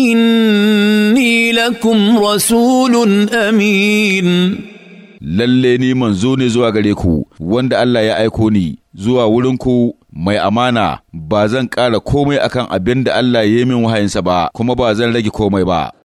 inni lakum rasulun amin Lallai ni manzo ne zuwa gare ku wanda Allah ya aiko ni zuwa wurin ku mai amana ba zan ƙara komai a kan abin da Allah ya yi min wahayinsa ba kuma ba zan rage komai ba